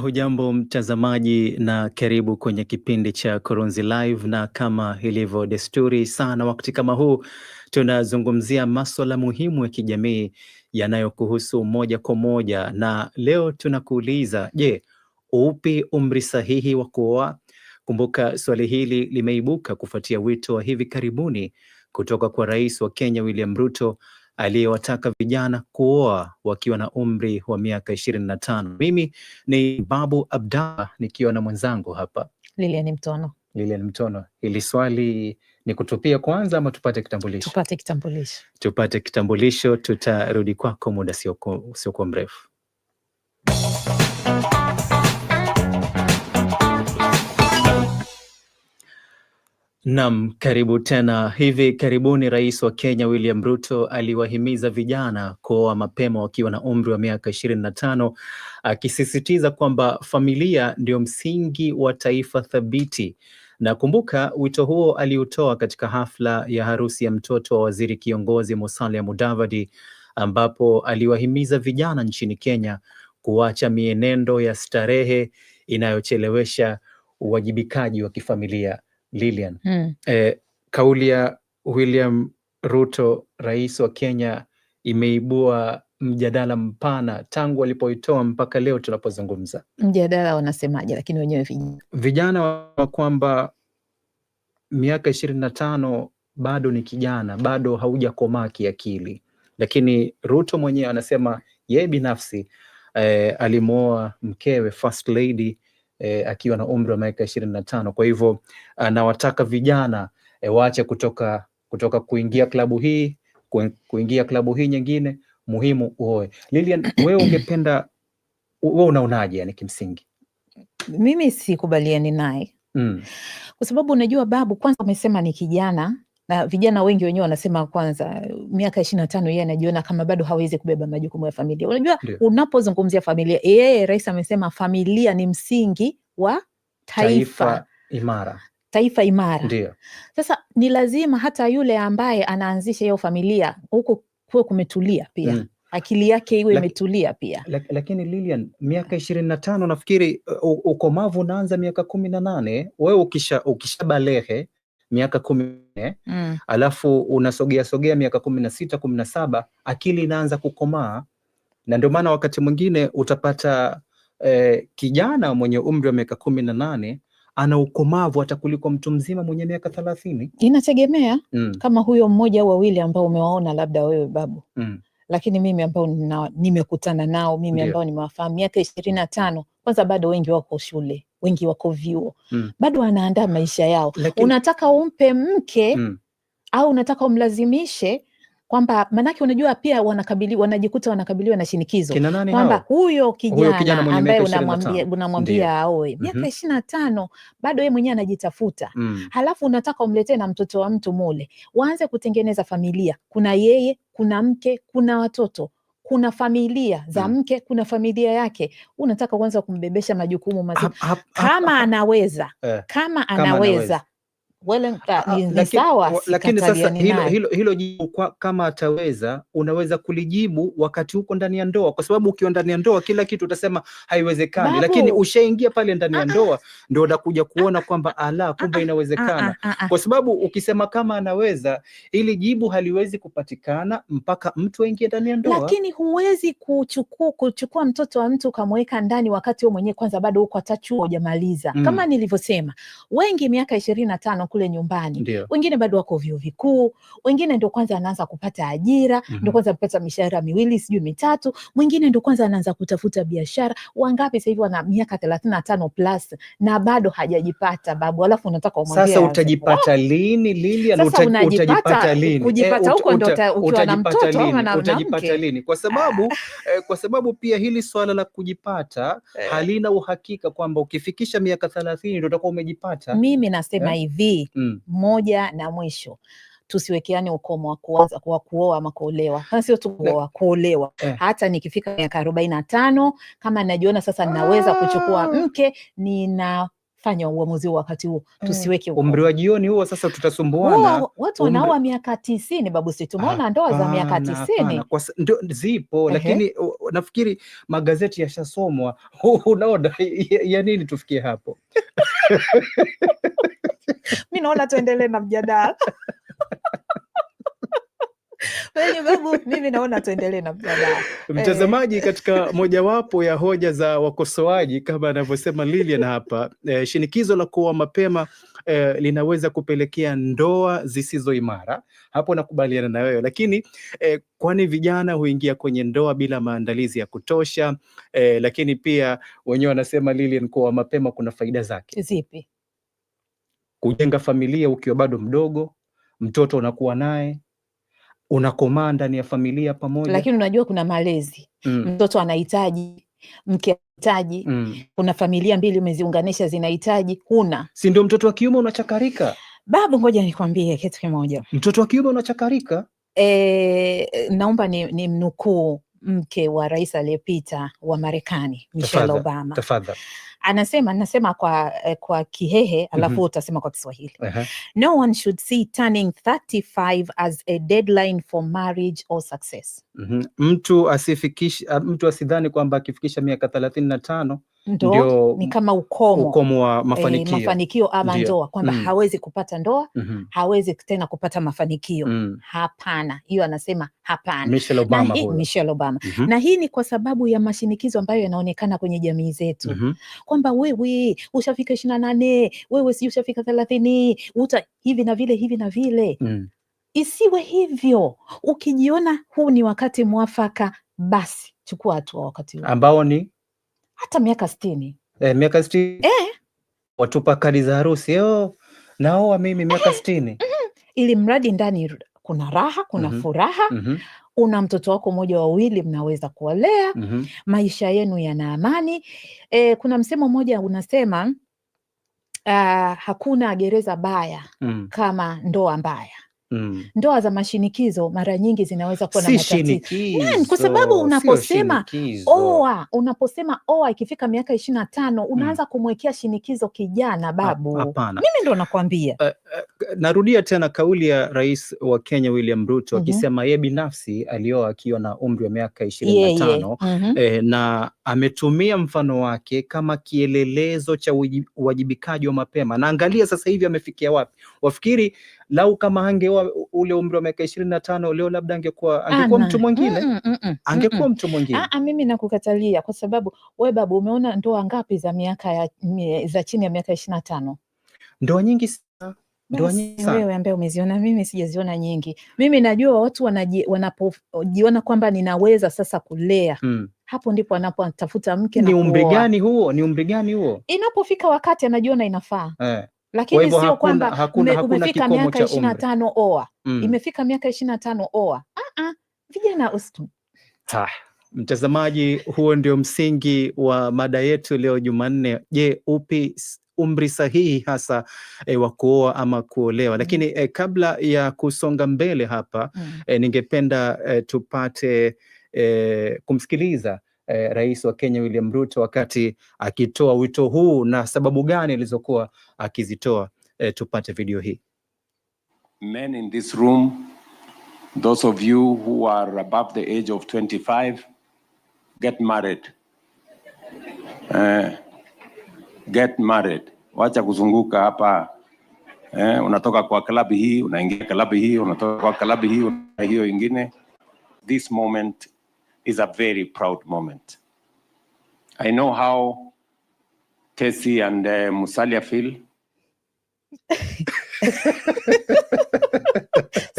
Hujambo mtazamaji, na karibu kwenye kipindi cha Kurunzi Live, na kama ilivyo desturi sana wakati kama huu tunazungumzia maswala muhimu ya kijamii yanayokuhusu moja kwa moja, na leo tunakuuliza, je, upi umri sahihi wa kuoa? Kumbuka swali hili limeibuka kufuatia wito wa hivi karibuni kutoka kwa Rais wa Kenya William Ruto aliyewataka vijana kuoa wakiwa na umri wa miaka ishirini na tano. Mimi ni Babu Abdalla nikiwa na mwenzangu hapa Lilian Mtono. Lilian Mtono, hili swali ni kutupia kwanza ama tupate kitambulisho? Tupate kitambulisho, tupate kitambulisho. Tutarudi kwako muda siokuwa mrefu. Nam, karibu tena. Hivi karibuni Rais wa Kenya William Ruto aliwahimiza vijana kuoa mapema wakiwa na umri wa miaka ishirini na tano, akisisitiza kwamba familia ndio msingi wa taifa thabiti. Na kumbuka wito huo aliutoa katika hafla ya harusi ya mtoto wa waziri kiongozi Musalia Mudavadi, ambapo aliwahimiza vijana nchini Kenya kuacha mienendo ya starehe inayochelewesha uwajibikaji wa kifamilia. Lilian mm. E, eh, kauli ya William Ruto, rais wa Kenya, imeibua mjadala mpana tangu walipoitoa mpaka leo tunapozungumza. Mjadala wanasemaje? Lakini wenyewe vijana, vijana wa kwamba miaka ishirini na tano bado ni kijana, bado haujakomaa kiakili. Lakini Ruto mwenyewe anasema yeye binafsi eh, alimwoa mkewe first lady eh, akiwa na umri wa miaka ishirini na tano. Kwa hivyo anawataka uh, vijana eh, waache kutoka kutoka kuingia klabu hii kuingia klabu hii nyingine muhimu uoe. Lilian, wewe ungependa wewe unaonaje? Yani kimsingi mimi sikubaliani naye mm. Kwa sababu unajua babu, kwanza umesema ni kijana na vijana wengi wenyewe wanasema kwanza, miaka ishirini na tano yeye anajiona kama bado hawezi kubeba majukumu ya familia. Unajua, unapozungumzia familia, yeye Rais amesema familia ni msingi wa taifa, taifa imara taifa imara. Ndiyo. Sasa ni lazima hata yule ambaye anaanzisha hiyo familia huko kuwe kumetulia pia mm. Akili yake iwe imetulia pia. Lakini Lilian, miaka ishirini na tano nafikiri uh, ukomavu unaanza miaka kumi na nane. Wewe ukisha ukishabalehe miaka kumi nne mm. alafu unasogea sogea miaka kumi na sita kumi na saba akili inaanza kukomaa, na ndio maana wakati mwingine utapata eh, kijana mwenye umri wa miaka kumi na nane ana ukomavu hata kuliko mtu mzima mwenye miaka thelathini. Inategemea mm. kama huyo mmoja au wawili ambao umewaona labda wewe babu mm. lakini mimi ambao nimekutana nao mimi ambao nimewafahamu miaka ishirini na tano, kwanza bado wengi wako shule wengi wako vyuo mm. bado wanaandaa maisha yao Lakin... unataka umpe mke mm. au unataka umlazimishe kwamba manake, unajua pia wanakabili, wanajikuta wanakabiliwa na shinikizo kwamba huyo kijana, kijana ambaye unamwambia unamwambia aoe mhm. miaka ishirini na tano bado yeye mwenyewe anajitafuta mm. Halafu unataka umletee na mtoto wa mtu mule, waanze kutengeneza familia, kuna yeye, kuna mke, kuna watoto kuna familia za mm. mke, kuna familia yake. Unataka kwanza kumbebesha majukumu mazima, eh. kama anaweza, kama anaweza Ah, sawa, lakini sasa hilo, hilo, hilo jibu kwa, kama ataweza unaweza kulijibu wakati huko ndani ya ndoa, kwa sababu ukiwa ndani ya ndoa kila kitu utasema haiwezekani Babu. Lakini ushaingia pale ndani ya ah, ah. ndoa ndo unakuja kuona kwamba ala, kumbe inawezekana, kwa sababu ukisema kama anaweza, ili jibu haliwezi kupatikana mpaka mtu aingie ndani ya ndoa. Lakini huwezi kuchukua, kuchukua mtoto wa mtu ukamweka ndani wakati wewe mwenyewe kwanza bado uko hata chuo hujamaliza. Mm. Kama nilivyosema wengi miaka ishirini na tano kule nyumbani Ndiyo. Wengine bado wako vyuo vikuu, wengine ndo kwanza anaanza kupata ajira mm -hmm. Ndo kwanza kupata mishahara miwili sijui mitatu, mwingine ndo kwanza anaanza kutafuta biashara. Wangapi sasa hivi wana miaka thelathini na tano plus na bado hajajipata babu, alafu unataka umwambie sasa utajipata oh! lini lini? Sasa unajipata lini? Eh, kujipata huko ndo ukiwa na mtoto au na utajipata lini? Kwa sababu ah. eh, kwa sababu pia hili swala la kujipata eh, halina uhakika kwamba ukifikisha miaka thelathini ndo utakuwa umejipata. Mimi nasema eh? hivi eh? hii mm. moja na mwisho tusiwekeane ukomo wa kuanza wa kuoa ama kuolewa. sio tu kuoa, kuolewa. Eh. Hata nikifika miaka arobaini na tano kama najiona sasa ninaweza kuchukua ah. mke, ninafanya uamuzi huo wakati huo, mm. tusiweke umri wa jioni huo. Sasa tutasumbuana, watu wanaoa miaka tisini. Babu, si tumeona ndoa za miaka tisini zipo, lakini nafikiri magazeti yashasomwa. Unaona ya nini tufikie hapo? mi naona tuendelee na mjadala babu mimi naona tuendelee na mjadala mtazamaji. Eh. Katika mojawapo ya hoja za wakosoaji kama anavyosema Lilian hapa eh, shinikizo la kuwa mapema eh, linaweza kupelekea ndoa zisizo imara. Hapo nakubaliana na wewe, lakini eh, kwani vijana huingia kwenye ndoa bila maandalizi ya kutosha eh, lakini pia wenyewe wanasema Lilian, kuwa mapema kuna faida zake zipi? kujenga familia ukiwa bado mdogo, mtoto unakuwa naye unakomaa ndani ya familia pamoja. Lakini unajua kuna malezi mm. mtoto anahitaji mke anahitaji mm. kuna familia mbili umeziunganisha zinahitaji, huna si ndio? Mtoto wa kiume unachakarika. Babu, ngoja nikwambie kitu kimoja, mtoto wa kiume unachakarika. E, naomba ni, ni mnukuu mke wa rais aliyepita wa Marekani Michelle Obama, tafadhali anasema nasema kwa, eh, kwa Kihehe mhm. alafu mm -hmm. utasema kwa Kiswahili uh -huh. no one should see turning 35 as a deadline for marriage or success mm -hmm. mtu asifikisha, ah, mtu asidhani kwamba akifikisha miaka thelathini na tano ndio ni kama ukomo, ukomo wa eh, mafanikio, e, mafanikio ama ndoa kwamba mm. hawezi kupata ndoa mm-hmm. hawezi tena kupata mafanikio mm. Hapana, hiyo anasema hapana. Michelle Obama, na hii, Michelle Obama. Mm-hmm. na hii ni kwa sababu ya mashinikizo ambayo yanaonekana kwenye jamii zetu mm-hmm kwamba wewe ushafika ishirini na nane wewe si ushafika thelathini uta hivi na vile hivi na vile mm. Isiwe hivyo. Ukijiona huu ni wakati mwafaka, basi chukua hatua wakati huo ambao ni hata miaka sitini eh, miaka sitini eh. Watupa kadi za harusi oh, nao mimi miaka eh. sitini mm -hmm. ili mradi ndani kuna raha, kuna mm -hmm. furaha mm -hmm. una mtoto wako mmoja wawili, mnaweza kuwalea mm -hmm. maisha yenu yana amani. E, kuna msemo mmoja unasema uh, hakuna gereza baya mm. kama ndoa mbaya. Mm. Ndoa za mashinikizo mara nyingi zinaweza kuwa na matatizo yaani, kwa sababu unaposema oa, unaposema oa ikifika miaka ishirini na tano mm. unaanza mm. kumwekea shinikizo kijana babu. Hapana, mimi ndo nakwambia. Uh, uh, narudia tena kauli ya Rais wa Kenya William Ruto mhm. akisema mm -hmm. ye binafsi alioa akiwa na umri wa miaka ishirini na tano mhm. eh, na ametumia mfano wake kama kielelezo cha uwajibikaji wa mapema, na angalia sasa hivi amefikia wapi. Wafikiri lau kama angeoa ule umri wa miaka ishirini na tano leo labda angekuwa ah, angekuwa mtu mwingine mm, mm, mm, angekuwa mm, mm. mtu mwingine. Ah, ah, mimi nakukatalia kwa sababu we babu, umeona ndoa ngapi za miaka ya, za chini ya miaka ishirini na tano? Ndoa nyingi wewe ambaye umeziona, mimi sijaziona nyingi. Mimi najua watu wanapojiona kwamba ninaweza sasa kulea mm. Hapo ndipo anapotafuta mke. Ni umri gani huo? Ni umri gani huo? Inapofika wakati anajiona inafaa eh lakini sio kwamba umefika miaka ishirini na tano oa mm. imefika miaka ishirini na tano oa ah -ah, vijana ustu Mtazamaji, huo ndio msingi wa mada yetu leo Jumanne. Je, upi umri sahihi hasa e, wa kuoa ama kuolewa? Mm. Lakini e, kabla ya kusonga mbele hapa mm. e, ningependa e, tupate e, kumsikiliza eh, rais wa Kenya William Ruto wakati akitoa wito huu na sababu gani alizokuwa akizitoa. Eh, tupate video hii. Men in this room, those of you who are above the age of 25, get married. Eh, get married. Wacha kuzunguka hapa eh, unatoka kwa klabu hii unaingia klabu hii unatoka kwa klabu hii una hiyo ingine. This moment is a very proud moment. I know how Tessie and uh, Musalia feel.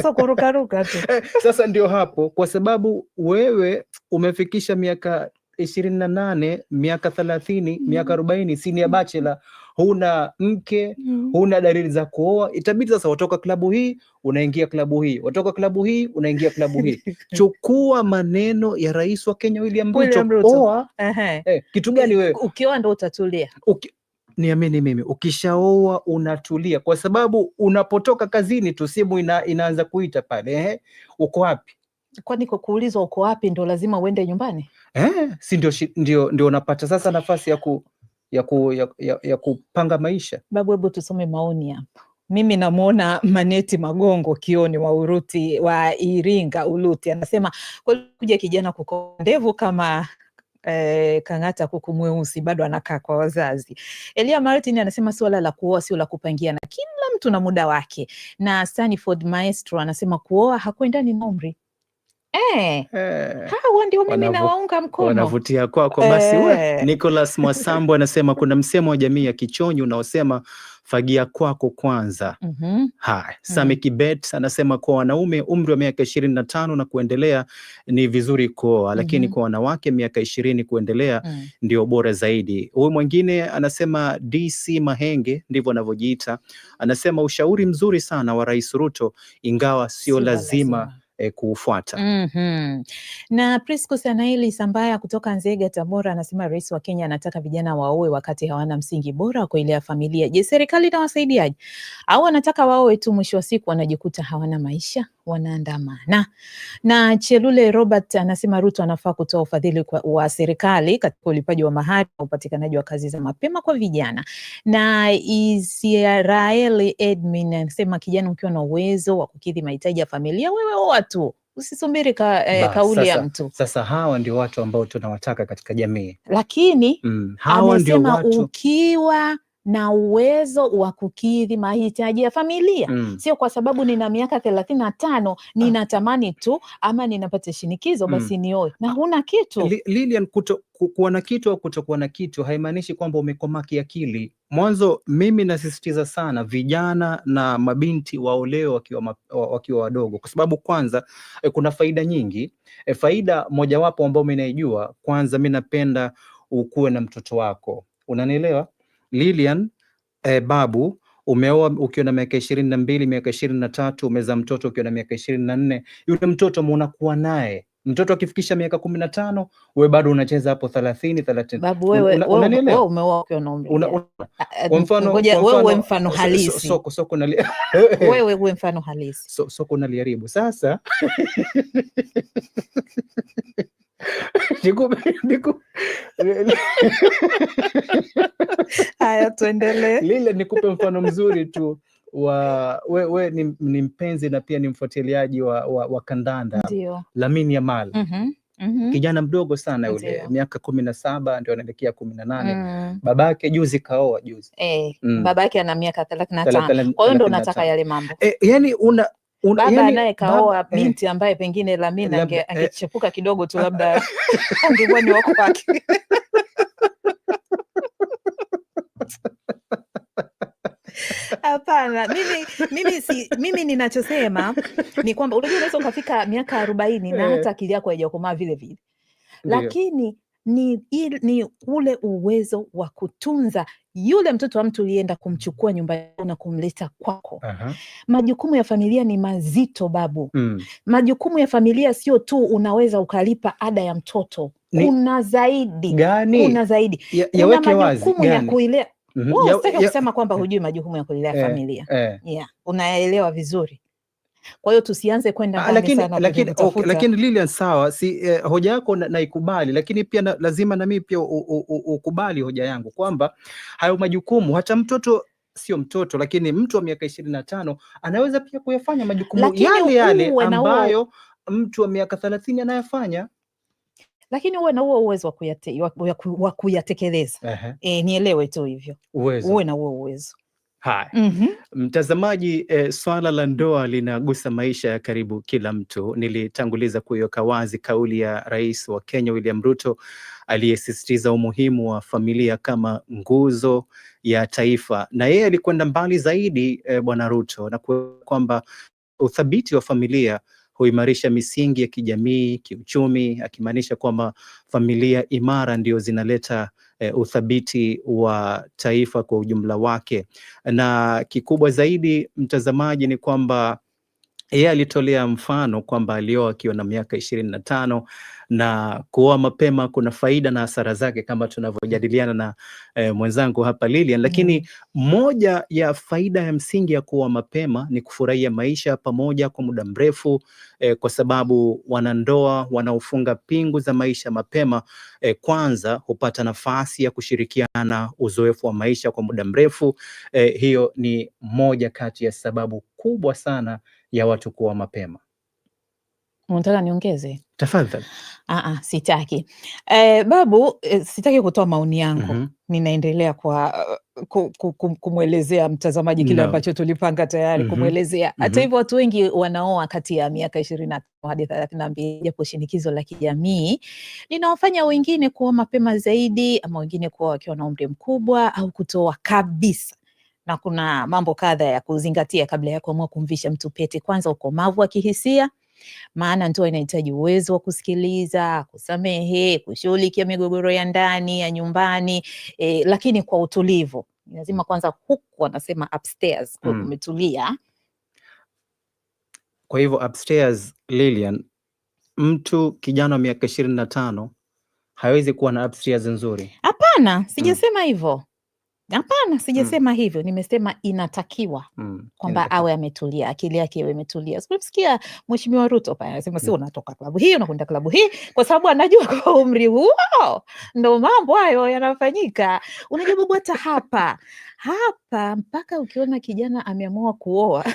So ruka tu. Eh, sasa ndio hapo, kwa sababu wewe umefikisha miaka ishirini na nane miaka thelathini miaka arobaini sini ya bachela huna mke mm. huna dalili za kuoa, itabidi sasa watoka klabu hii unaingia klabu hii, watoka klabu hii unaingia klabu hii. Chukua maneno ya rais wa Kenya William Ruto, oa. Eh, kitu gani wewe? Ukioa ndo utatulia Uki... Niamini mimi, ukishaoa unatulia, kwa sababu unapotoka kazini tu simu ina, inaanza kuita pale, eh, uko wapi? Kwani kwa kuulizwa uko wapi ndo lazima uende nyumbani eh? Si ndio, ndio, ndio unapata sasa nafasi ya ku ya, ku, ya, ya, ya kupanga maisha. Babu, hebu tusome maoni hapa. Mimi namwona Maneti Magongo Kioni wa Uruti wa Iringa Uluti anasema kuja kijana kuko ndevu kama Eh, Kang'ata kuku mweusi bado anakaa kwa wazazi. Elia Martin anasema suala la kuoa sio la kupangia na kila mtu na muda wake, na Stanford Maestro anasema kuoa hakuendani na umri. Eh, eh, hawa ndio mimi nawaunga mkono, wanavutia kwako. Basi eh. Nicholas Mwasambo anasema kuna msemo wa jamii ya Kichonyi unaosema fagia kwako kwanza. Mhm. mm -hmm. Haya, Sami Kibet anasema kwa wanaume umri wa miaka ishirini na tano na kuendelea ni vizuri kuoa, lakini mm -hmm. kwa wanawake miaka ishirini kuendelea mm -hmm. ndio bora zaidi. Huyu mwingine anasema DC Mahenge, ndivyo anavyojiita, anasema ushauri mzuri sana wa Rais Ruto, ingawa sio lazima, lazima E, kuufuata. mm -hmm. Na Prisco Sanaeli Sambaya kutoka Nzega, Tabora, anasema rais wa Kenya anataka vijana waoe wakati hawana msingi bora wa kuilea familia. Je, serikali inawasaidiaje au anataka waoe tu, mwisho wa siku wanajikuta hawana maisha? wanaandamana. Na Chelule Robert anasema Ruto anafaa kutoa ufadhili wa serikali katika ulipaji wa mahari na upatikanaji wa kazi za mapema kwa vijana. Na Israel Edmin anasema kijana, ukiwa na uwezo wa kukidhi mahitaji ya familia, wewe oa tu usisubiri ka, eh, kauli ya mtu. Sasa hawa ndio watu ambao tunawataka katika jamii, lakini mm, hawa ndio watu... ukiwa na uwezo wa kukidhi mahitaji ya familia mm. Sio kwa sababu nina miaka thelathini na tano ninatamani tu ama ninapata shinikizo mm. basi mm. nioe na huna kitu. Lilian, kuto kuwa na kitu au kutokuwa na kitu haimaanishi kwamba umekomaa kiakili. Mwanzo mimi nasisitiza sana vijana na mabinti waoleo wakiwa wakiwa wadogo, kwa sababu kwanza eh, kuna faida nyingi eh, faida mojawapo ambayo mi naijua, kwanza mi napenda ukuwe na mtoto wako, unanielewa Lilian eh, Babu umeoa ukiwa na miaka ishirini na mbili, miaka ishirini na tatu, umezaa mtoto ukiwa na miaka ishirini na nne. Yule mtoto munakuwa naye mtoto akifikisha miaka kumi na tano wewe bado unacheza hapo thelathini thelathini. Babu wewe umeoa ukiwa na umri kwa mfano, wewe uwe mfano halisi, soko soko na wewe uwe mfano halisi, soko na naliharibu sasa Haya, tuendelee. Lile nikupe mfano mzuri tu wa we, we ni, ni mpenzi na pia ni mfuatiliaji wa, wa, wa kandanda Lamine Yamal. mm -hmm. Mm -hmm. Kijana mdogo sana yule, miaka kumi na saba ndio anaelekea kumi na nane. mm. Babake juzi kaoa juzi. E, mm. Babake ana miaka thelathini na tano, kwa hiyo ndo unataka yale mambo e, yani una baba anaye kaoa eh. binti ambaye pengine Lamina eh. angechepuka eh, kidogo tu labda angekuwa ni wako wake Hapana, mimi mimi, si, mimi ninachosema ni kwamba unajua unaweza ukafika miaka arobaini na eh. hata akili yako haijakomaa vile vile, lakini ni, il, ni ule uwezo wa kutunza yule mtoto wa mtu ulienda kumchukua nyumbani na kumleta kwako. Aha. Majukumu ya familia ni mazito babu. Mm. Majukumu ya familia sio tu unaweza ukalipa ada ya mtoto, kuna zaidi, kuna zaidi ya, ya wazi majukumu ya kuilea. Mhm. Oh, ya... kusema kwamba hujui majukumu ya kulilea eh, familia. eh. Yeah, unaelewa vizuri kwa hiyo tusianze kwenda ah, lakini, lakini, okay, lakini Lilian sawa, si eh, hoja yako naikubali na lakini pia na, lazima na mimi pia ukubali hoja yangu kwamba hayo majukumu hata mtoto sio mtoto lakini mtu wa miaka ishirini na tano anaweza pia kuyafanya majukumu lakini yale yale ambayo mtu wa miaka thelathini anayafanya lakini uwe na huo uwezo wa kuyate, kuyatekeleza. E, nielewe tu hivyo, uwe na huo uwezo Haya, mm -hmm. Mtazamaji e, swala la ndoa linagusa maisha ya karibu kila mtu. Nilitanguliza kuiweka wazi kauli ya Rais wa Kenya William Ruto aliyesisitiza umuhimu wa familia kama nguzo ya taifa, na yeye alikwenda mbali zaidi e, Bwana Ruto na kwamba uthabiti wa familia huimarisha misingi ya kijamii, kiuchumi, akimaanisha kwamba familia imara ndio zinaleta e, uthabiti wa taifa kwa ujumla wake, na kikubwa zaidi mtazamaji ni kwamba yeye alitolea mfano kwamba alioa akiwa na miaka ishirini na tano na kuoa mapema kuna faida na hasara zake, kama tunavyojadiliana na e, mwenzangu hapa Lilian. Mm. Lakini moja ya faida ya msingi ya kuoa mapema ni kufurahia maisha pamoja kwa muda mrefu e, kwa sababu wanandoa wanaofunga pingu za maisha mapema e, kwanza hupata nafasi ya kushirikiana uzoefu wa maisha kwa muda mrefu e, hiyo ni moja kati ya sababu kubwa sana ya watu kuwa mapema. Unataka niongeze? Tafadhali. Ah, ah, sitaki eh, Babu eh, sitaki kutoa maoni yangu mm -hmm. Ninaendelea kwa eh, kumwelezea mtazamaji kile ambacho no. tulipanga tayari mm -hmm. kumwelezea hata mm -hmm. hivyo watu wengi wanaoa kati ya miaka ishirini na tano hadi thelathini na mbili japo shinikizo la kijamii linawafanya wengine kuoa mapema zaidi ama wengine kuoa wakiwa na umri mkubwa au kutoa kabisa na kuna mambo kadha ya kuzingatia kabla ya kuamua kumvisha mtu pete. Kwanza, ukomavu wa kihisia, maana ndoa inahitaji uwezo wa kusikiliza, kusamehe, kushughulikia migogoro ya ndani ya nyumbani e, lakini kwa utulivu. Lazima kwanza, huku wanasema upstairs, hmm. kumetulia. Kwa hivyo upstairs, Lilian, mtu kijana wa miaka ishirini na tano hawezi kuwa na upstairs nzuri. Hapana, hmm. sijasema hmm, hivyo Hapana, sijasema mm. hivyo, nimesema inatakiwa mm. kwamba awe ametulia, akili yake iwe imetulia. Simemsikia Mheshimiwa Ruto pale anasema mm. si unatoka klabu hii unakwenda klabu hii, kwa sababu anajua kwa umri huo ndo mambo hayo yanafanyika. Unajua babu, hata hapa hapa mpaka ukiona kijana ameamua kuoa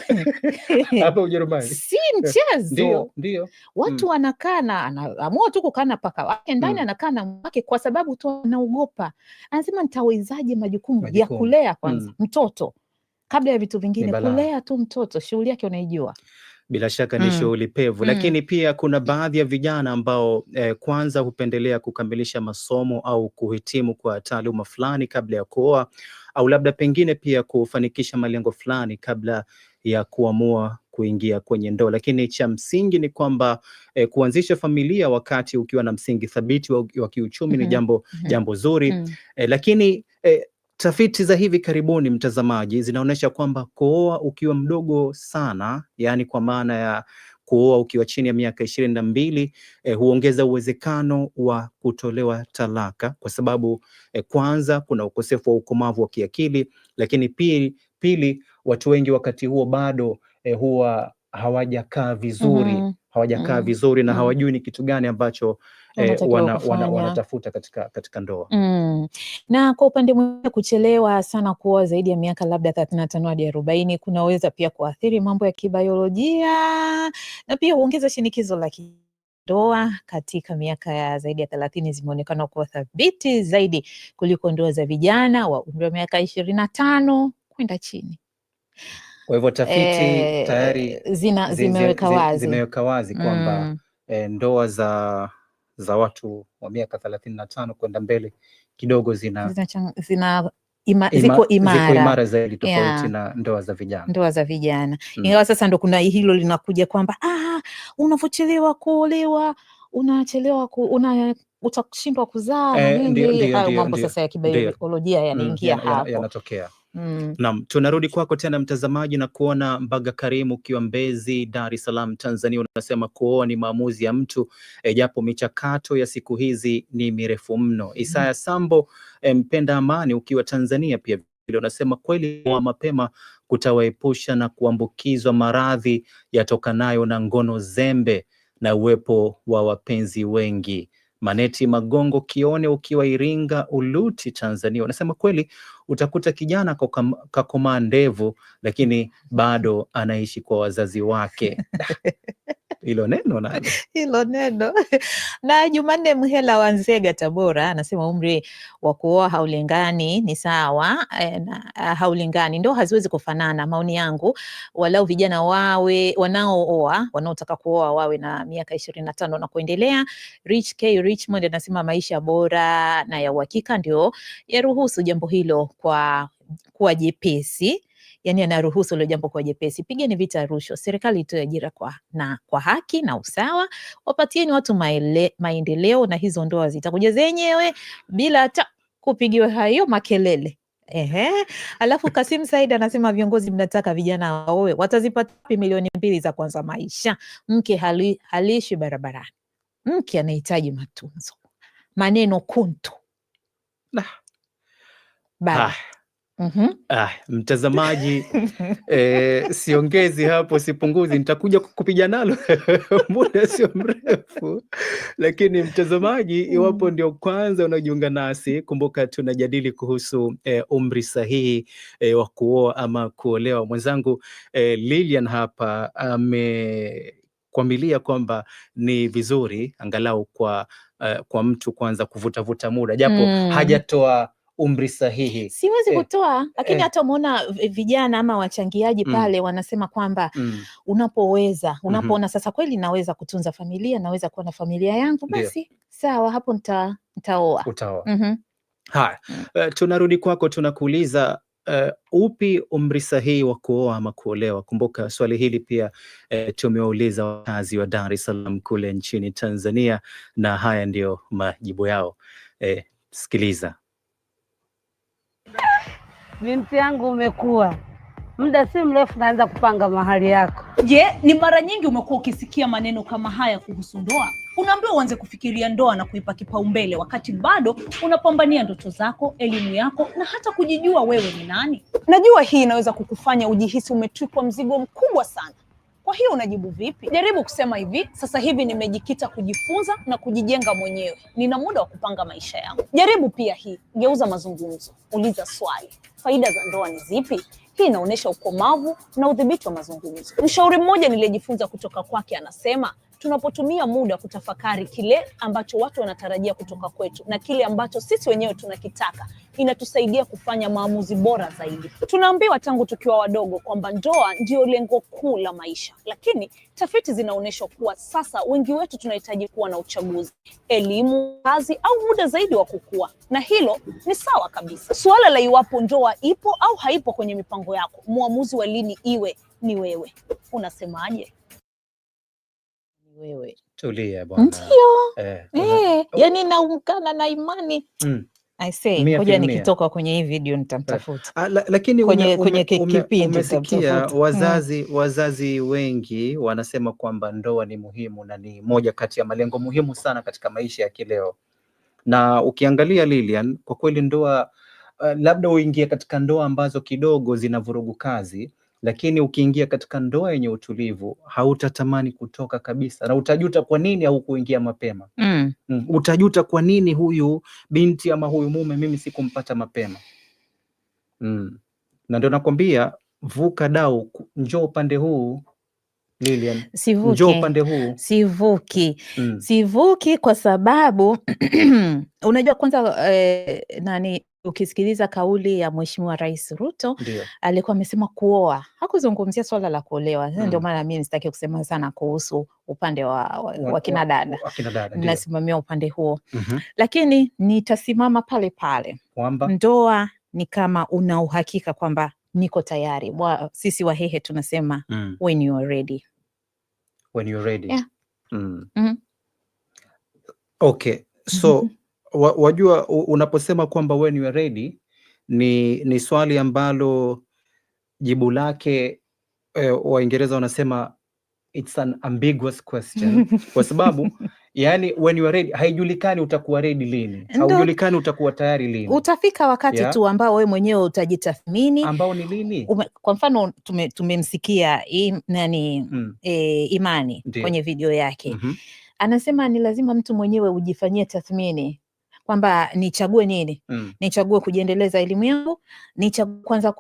hapa Ujerumani si mchezo. Ndio watu mm. wanakaa na anaamua tu kukaa na paka wake ndani mm. anakaa na mwake, kwa sababu tu anaogopa, anasema nitawezaje majukumu, majukumu ya kulea kwanza mm. mtoto kabla ya vitu vingine, kulea tu mtoto, shughuli yake unaijua bila shaka ni mm. shughuli pevu mm. Lakini pia kuna baadhi ya vijana ambao eh, kwanza hupendelea kukamilisha masomo au kuhitimu kwa taaluma fulani kabla ya kuoa au labda pengine pia kufanikisha malengo fulani kabla ya kuamua kuingia kwenye ndoa. Lakini cha msingi ni kwamba eh, kuanzisha familia wakati ukiwa na msingi thabiti wa, wa kiuchumi mm -hmm. ni mm-hmm. jambo mm -hmm. jambo zuri mm -hmm. eh, lakini eh, tafiti za hivi karibuni mtazamaji, zinaonyesha kwamba kuoa ukiwa mdogo sana, yaani kwa maana ya Kuoa ukiwa chini ya miaka ishirini na mbili eh, huongeza uwezekano wa kutolewa talaka kwa sababu eh, kwanza kuna ukosefu wa ukomavu wa kiakili, lakini pili, pili watu wengi wakati huo bado eh, huwa hawajakaa vizuri mm -hmm hawajakaa mm. vizuri na mm. hawajui ni kitu gani ambacho eh, wana, wana, wanatafuta katika, katika ndoa mm. na kwa upande mwingine kuchelewa sana kuoa zaidi ya miaka labda thelathini na tano hadi arobaini kunaweza pia kuathiri mambo ya kibayolojia na pia huongeza shinikizo la ndoa katika miaka ya zaidi ya thelathini zimeonekana kuwa thabiti zaidi kuliko ndoa za vijana wa umri wa miaka ishirini na tano kwenda chini. Kwa hivyo tafiti e, tayari zina, zimeweka wazi, zimeweka wazi kwamba mm. e, ndoa za za watu wa miaka thelathini na tano kwenda mbele kidogo zina, zina, zina Ima, Ima, ziko imara, ziko imara zaidi tofauti yeah, na ndoa za vijana ndoa za vijana mm. Ingawa sasa ndo kuna hilo linakuja kwamba ah, unavochelewa kuolewa unachelewa ku, una utashindwa kuzaa eh, nini hayo mambo sasa ya kibaiolojia yanaingia mm, hapo yanatokea Mm. Naam, tunarudi kwako tena mtazamaji na kuona Mbaga Karimu ukiwa Mbezi, Dar es Salaam, Tanzania, unasema kuoa ni maamuzi ya mtu e, japo michakato ya siku hizi ni mirefu mno. Mm. Isaya mm. Sambo e, mpenda amani ukiwa Tanzania pia vile unasema kweli wa mapema kutawaepusha na kuambukizwa maradhi yatokanayo na ngono zembe na uwepo wa wapenzi wengi. Maneti Magongo Kione ukiwa Iringa Uluti Tanzania unasema kweli, utakuta kijana kakomaa ndevu, lakini bado anaishi kwa wazazi wake hilo neno na hilo neno na Jumanne Mhela wa Nzega, Tabora, anasema umri wa kuoa haulingani, ni sawa eh, ah, haulingani, ndo haziwezi kufanana. Maoni yangu walau vijana wawe wanaooa wanaotaka kuoa wawe na miaka ishirini na tano na kuendelea. Rich K Richmond anasema maisha bora na ya uhakika ndio yaruhusu jambo hilo kwa kuwa jepesi yani anaruhusu hilo jambo kwa jepesi. Pigeni vita rushwa, serikali itoe ajira kwa, na, kwa haki na usawa, wapatieni watu maele, maendeleo na hizo ndoa zitakuja zenyewe bila hata kupigiwa hayo makelele. Ehe. Alafu Kasim Said anasema viongozi mnataka vijana waoe, watazipata wapi milioni mbili za kwanza maisha? Mke hali, barabarani, mke anahitaji matunzo. Maneno kuntu nah. Bye. Ah. Mm-hmm. Ah, mtazamaji e, siongezi hapo sipunguzi, nitakuja kukupiga nalo muda sio mrefu. Lakini mtazamaji, mm-hmm. iwapo ndio kwanza unajiunga nasi, kumbuka tunajadili kuhusu e, umri sahihi e, wa kuoa ama kuolewa. Mwenzangu e, Lilian hapa amekwamilia kwamba ni vizuri angalau kwa, uh, kwa mtu kwanza kuvutavuta muda japo mm. hajatoa umri sahihi. Siwezi eh, lakini eh. hata eh, umeona vijana ama wachangiaji mm. pale mm, wanasema kwamba mm, unapoweza mhm. unapoona mm -hmm. Sasa kweli naweza kutunza familia, naweza kuwa na familia yangu, basi Dio. Sawa, hapo nita, nitaoa utaoa. mm -hmm. Haya, uh, tunarudi kwako, tunakuuliza Uh, upi umri sahihi wa kuoa ama kuolewa? Kumbuka swali hili pia uh, tumewauliza wakazi wa Dar es Salaam kule nchini Tanzania, na haya ndiyo majibu yao. Uh, sikiliza. Binti yangu umekuwa muda si mrefu naanza kupanga mahali yako. Je, ni mara nyingi umekuwa ukisikia maneno kama haya kuhusu ndoa? Unaambiwa uanze kufikiria ndoa na kuipa kipaumbele wakati bado unapambania ndoto zako, elimu yako na hata kujijua wewe ni nani. Najua hii inaweza kukufanya ujihisi umetwikwa mzigo mkubwa sana kwa hiyo unajibu vipi? Jaribu kusema hivi, sasa hivi nimejikita kujifunza na kujijenga mwenyewe, nina muda wa kupanga maisha yangu. Jaribu pia hii, geuza mazungumzo, uliza swali, faida za ndoa ni zipi? Hii inaonyesha ukomavu na udhibiti wa mazungumzo. Mshauri mmoja niliyejifunza kutoka kwake anasema tunapotumia muda kutafakari kile ambacho watu wanatarajia kutoka kwetu na kile ambacho sisi wenyewe tunakitaka, inatusaidia kufanya maamuzi bora zaidi. Tunaambiwa tangu tukiwa wadogo kwamba ndoa ndio lengo kuu la maisha, lakini tafiti zinaonyesha kuwa sasa wengi wetu tunahitaji kuwa na uchaguzi, elimu, kazi au muda zaidi wa kukua, na hilo ni sawa kabisa. Suala la iwapo ndoa ipo au haipo kwenye mipango yako, mwamuzi wa lini iwe ni wewe. Unasemaje? wewe tulia bwana. Ndio. Eh, eh, yani naungana na imani mm. I say koja nikitoka kwenye hii video nitamtafuta. Ah, lakini kwenye ume, kwenye kipindi umesikia wazazi mm. wazazi wengi wanasema kwamba ndoa ni muhimu na ni moja kati ya malengo muhimu sana katika maisha ya kileo, na ukiangalia Lilian, kwa kweli ndoa uh, labda uingie katika ndoa ambazo kidogo zina vurugu kazi lakini ukiingia katika ndoa yenye utulivu hautatamani kutoka kabisa, na utajuta kwa nini haukuingia mapema. Mm. Mm. Utajuta kwa nini huyu binti ama huyu mume mimi sikumpata mapema. Mm. Na ndio nakwambia vuka dau, njoo upande huu Lilian. Njoo upande huu. Sivuki. Mm. Sivuki kwa sababu unajua kwanza eh, nani ukisikiliza kauli ya Mheshimiwa Rais Ruto alikuwa amesema kuoa, hakuzungumzia swala la kuolewa. mm. Ndio maana mimi sitaki kusema sana kuhusu upande wa, wa, wa kina dada, nasimamia upande huo mm -hmm. Lakini nitasimama pale pale kwamba ndoa ni kama una uhakika kwamba niko tayari. Wa, sisi Wahehe tunasema mm. when you are ready. When you are ready. Yeah. Mm. Mm -hmm. Okay, so mm -hmm wajua, unaposema kwamba wewe ni ready, ni ni swali ambalo jibu lake eh, Waingereza wanasema it's an ambiguous question kwa sababu yani when you are ready haijulikani utakuwa ready lini, haujulikani utakuwa tayari lini. Utafika wakati yeah, tu ambao wewe mwenyewe utajitathmini ambao ni lini. Kwa mfano tumemsikia tume nani mm, e, Imani Deo, kwenye video yake mm -hmm. anasema ni lazima mtu mwenyewe ujifanyie tathmini kwamba nichague nini? mm. Nichague kujiendeleza elimu yangu, nichague kwanza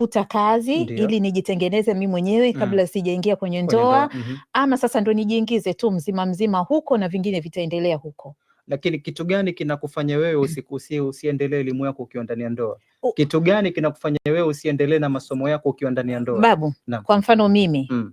uta kazi Ndiyo. ili nijitengeneze mi mwenyewe mm. kabla mm. sijaingia kwenye ndoa mm -hmm. ama sasa ndo nijiingize tu mzima mzima huko na vingine vitaendelea huko lakini kitu gani kinakufanya wewe usikusie usiendelee elimu yako ukiwa ndani ya ndoa? Kitu gani kinakufanya wewe usiendelee na masomo yako ukiwa ndani ya ndoa? Babu na. Kwa mfano mimi mm.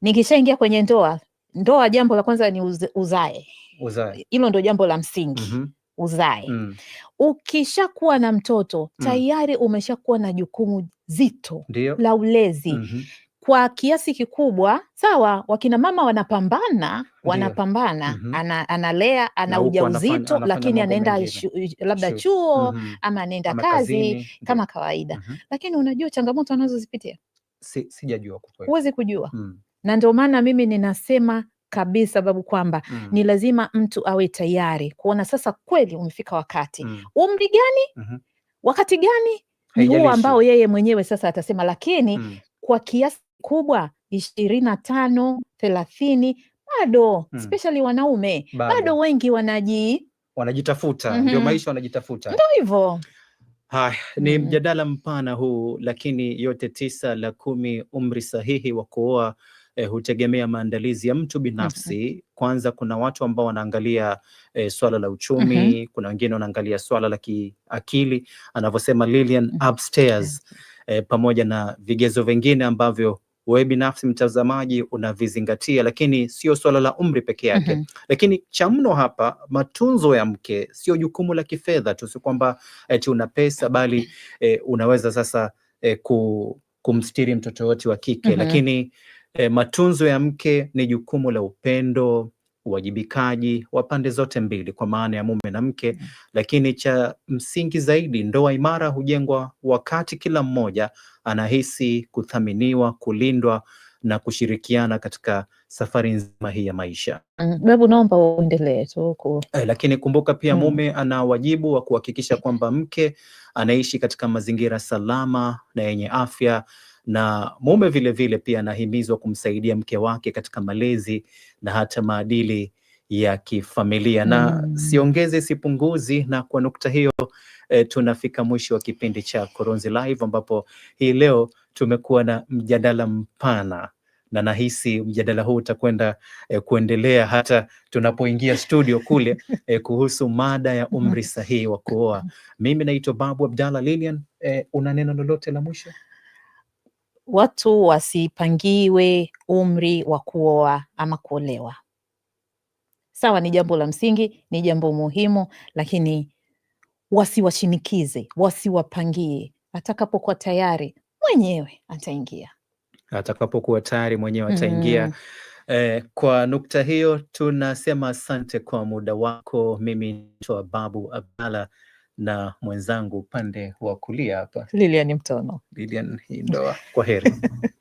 nikishaingia kwenye ndoa, ndoa jambo la kwanza ni uzae, uzae hilo ndo jambo la msingi mm -hmm uzae. Mm. Ukishakuwa na mtoto mm. tayari mm. umeshakuwa na jukumu zito Dio. la ulezi mm -hmm. Kwa kiasi kikubwa sawa, wakina mama wanapambana wanapambana mm -hmm. ana, analea ana ujauzito, lakini anaenda eh, labda chuo mm -hmm. ama anaenda kazi kazini, kama kawaida mm -hmm. lakini unajua changamoto anazozipitia si, sijajua, huwezi kujua mm. na ndio maana mimi ninasema kabisa, sababu kwamba mm. ni lazima mtu awe tayari kuona sasa kweli umefika wakati mm. umri gani mm -hmm. wakati gani ni huo ambao yeye mwenyewe sasa atasema, lakini mm. kwa kiasi kubwa ishirini na tano thelathini bado mm. especially wanaume bado, bado wengi wanaji wanajitafuta mm -hmm. ndio maisha wanajitafuta, ndo hivo Haya, ni mm. mjadala mpana huu, lakini yote tisa la kumi, umri sahihi wa kuoa eh, hutegemea maandalizi ya mtu binafsi Kwanza kuna watu ambao wanaangalia eh, swala la uchumi mm -hmm. Kuna wengine wanaangalia swala la kiakili anavyosema Lilian mm -hmm. upstairs eh, pamoja na vigezo vingine ambavyo wewe binafsi mtazamaji unavizingatia, lakini sio swala la umri peke yake mm -hmm. Lakini cha mno hapa, matunzo ya mke sio jukumu la kifedha tu, si kwamba eti una pesa, bali eh, unaweza sasa eh, kumstiri mtoto wote wa kike mm -hmm. lakini E, matunzo ya mke ni jukumu la upendo, uwajibikaji wa pande zote mbili, kwa maana ya mume na mke mm. Lakini cha msingi zaidi, ndoa imara hujengwa wakati kila mmoja anahisi kuthaminiwa, kulindwa na kushirikiana katika safari nzima hii ya maisha. Mm, Babu, naomba uendelee tu. Eh, lakini kumbuka pia mm. mume ana wajibu wa kuhakikisha kwamba mke anaishi katika mazingira salama na yenye afya na mume vile vile pia anahimizwa kumsaidia mke wake katika malezi na hata maadili ya kifamilia mm. Na hmm. siongeze sipunguzi. Na kwa nukta hiyo e, tunafika mwisho wa kipindi cha Kurunzi Live ambapo hii leo tumekuwa na mjadala mpana na nahisi mjadala huu utakwenda e, kuendelea hata tunapoingia studio kule e, kuhusu mada ya umri sahihi wa kuoa. Mimi naitwa Babu Abdalla Lilian, e, una neno lolote la mwisho? watu wasipangiwe umri wa kuoa ama kuolewa. Sawa, ni jambo la msingi, ni jambo muhimu, lakini wasiwashinikize, wasiwapangie. Atakapokuwa tayari mwenyewe ataingia, atakapokuwa tayari mwenyewe ataingia. mm. Eh, kwa nukta hiyo tunasema asante kwa muda wako. Mimi naitwa Babu Abdalla na mwenzangu upande wa kulia hapa Lilian Mtono. Lilian, hii ndoa, kwa heri.